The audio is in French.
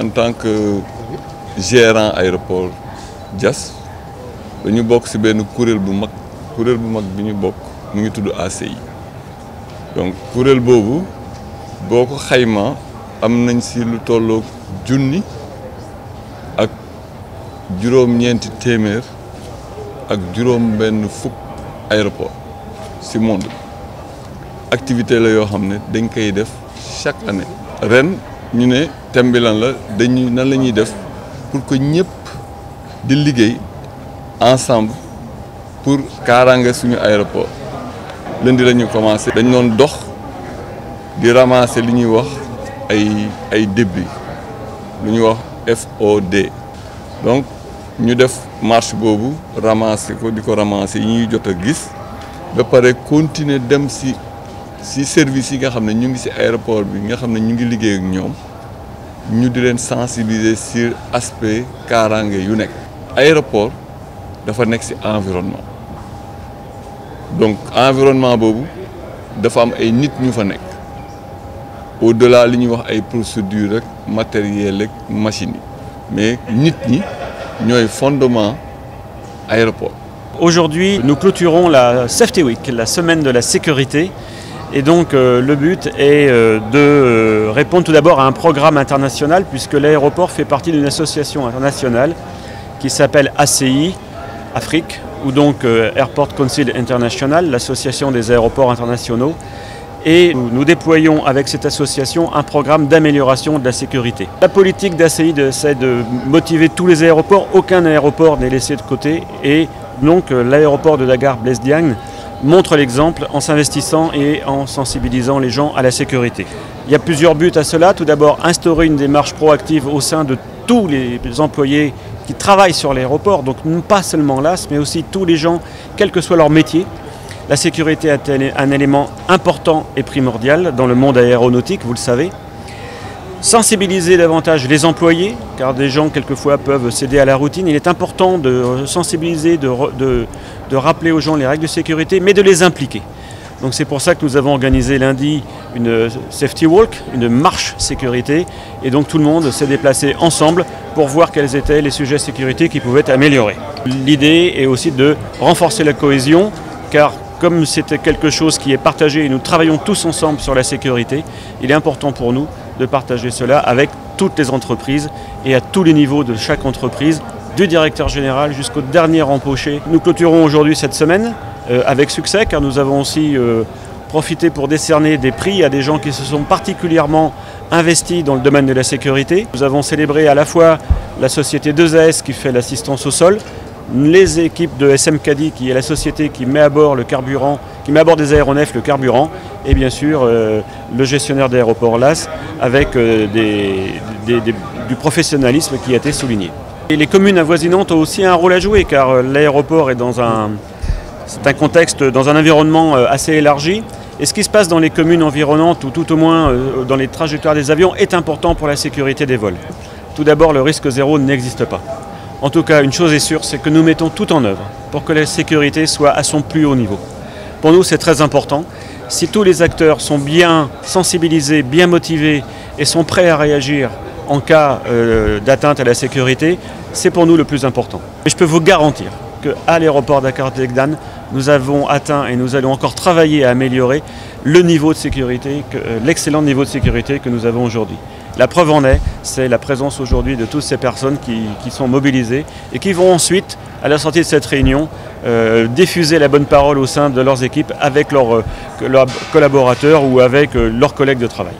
en tant que gérant aéroport jas dañu bokk ci benn kuréel bu mag kuréel bu mag bi ñu bokk mu ngi tudd ACI donc kuréel boobu boo ko xaymaa am nañ si lu tolloog junni ak juróom-ñeenti téeméer ak juróom-benn fukk aéroport ci monde activité la yoo xam ne dañ koy def chaque année ren. ñu ne thème la dañuy nan la ñuy def pour que ñëpp di liggéey ensemble pour kaaraange suñu aéroport lundi la ñu commencé. dañ doon dox di ramasser li ñuy wax ay ay débris lu ñuy wax FOD donc ñu def marche boobu ramasser ko di ko ramasser yi ñuy jot a gis ba pare continuer dem si. si service yi nga xamné ñu ngi ci aéroport bi nga sensibiliser sur aspect kaaraange yu nek aéroport dafa nek ci environnement donc environnement bobu dafa am ay nit ñu au-delà li la wax ay procédures rek matériel ak machines mais nit ñi ñoy fondement aéroport. Aujourd'hui, nous clôturons la Safety Week, la semaine de la sécurité et donc euh, le but est euh, de euh, répondre tout d'abord à un programme international puisque l'aéroport fait partie d'une association internationale qui s'appelle ACI Afrique ou donc Airport Council International, l'association des aéroports internationaux. Et nous, déployons avec cette association un programme d'amélioration de la sécurité. La politique d'ACI, c'est de motiver tous les aéroports. Aucun aéroport n'est laissé de côté. Et donc l'aéroport de Dagar, Blesdiagne, montre l'exemple en s'investissant et en sensibilisant les gens à la sécurité. Il y a plusieurs buts à cela. Tout d'abord, instaurer une démarche proactive au sein de tous les employés qui travaillent sur l'aéroport, donc pas seulement l'AS, mais aussi tous les gens, quel que soit leur métier. La sécurité est un élément important et primordial dans le monde aéronautique, vous le savez. Sensibiliser davantage les employés, car des gens quelquefois peuvent céder à la routine. Il est important de sensibiliser, de, de, de rappeler aux gens les règles de sécurité, mais de les impliquer. Donc c'est pour ça que nous avons organisé lundi une euh, safety walk, une marche sécurité, et donc tout le monde s'est déplacé ensemble pour voir quels étaient les sujets sécurité qui pouvaient être améliorés. L'idée est aussi de renforcer la cohésion, car comme c'était quelque chose qui est partagé et nous travaillons tous ensemble sur la sécurité, il est important pour nous de partager cela avec toutes les entreprises et à tous les niveaux de chaque entreprise du directeur général jusqu'au dernier empoché. Nous clôturons aujourd'hui cette semaine euh, avec succès car nous avons aussi euh, profité pour décerner des prix à des gens qui se sont particulièrement investis dans le domaine de la sécurité. Nous avons célébré à la fois la société 2AS qui fait l'assistance au sol, les équipes de SMKD qui est la société qui met à bord le carburant, qui met des aéronefs le carburant, et bien sûr euh, le gestionnaire d'aéroport LAS avec du professionnalisme qui a été souligné les communes avoisinantes ont aussi un rôle à jouer car euh, l'aéroport est dans un contexte, dans un environnement euh, assez élargi. Et ce qui se passe dans les communes environnantes ou tout au moins euh, dans les trajectoires des avions est important pour la sécurité des vols. Tout d'abord, le risque zéro n'existe pas. En tout cas, une chose est sûre, c'est que nous mettons tout en œuvre pour que la sécurité soit à son plus haut niveau. Pour nous, c'est très important. Si tous les acteurs sont bien sensibilisés, bien motivés et sont prêts à réagir en cas euh, d'atteinte à la sécurité, c'est pour nous le plus important. Et je peux vous garantir qu'à l'aéroport dakar nous avons atteint et nous allons encore travailler à améliorer le niveau de sécurité, euh, l'excellent niveau de sécurité que nous avons aujourd'hui. La preuve en est, c'est la présence aujourd'hui de toutes ces personnes qui, sont mobilisées et qui vont ensuite, à la sortie de cette réunion, euh, diffuser la bonne parole au sein de leurs équipes avec leurs collaborateurs ou avec leurs collègues de travail.